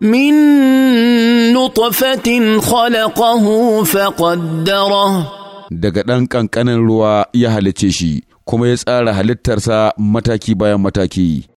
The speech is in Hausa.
من نطفة خلقه فقدره daga ɗan ƙanƙanin ruwa ya halicce shi kuma ya tsara halittarsa mataki bayan mataki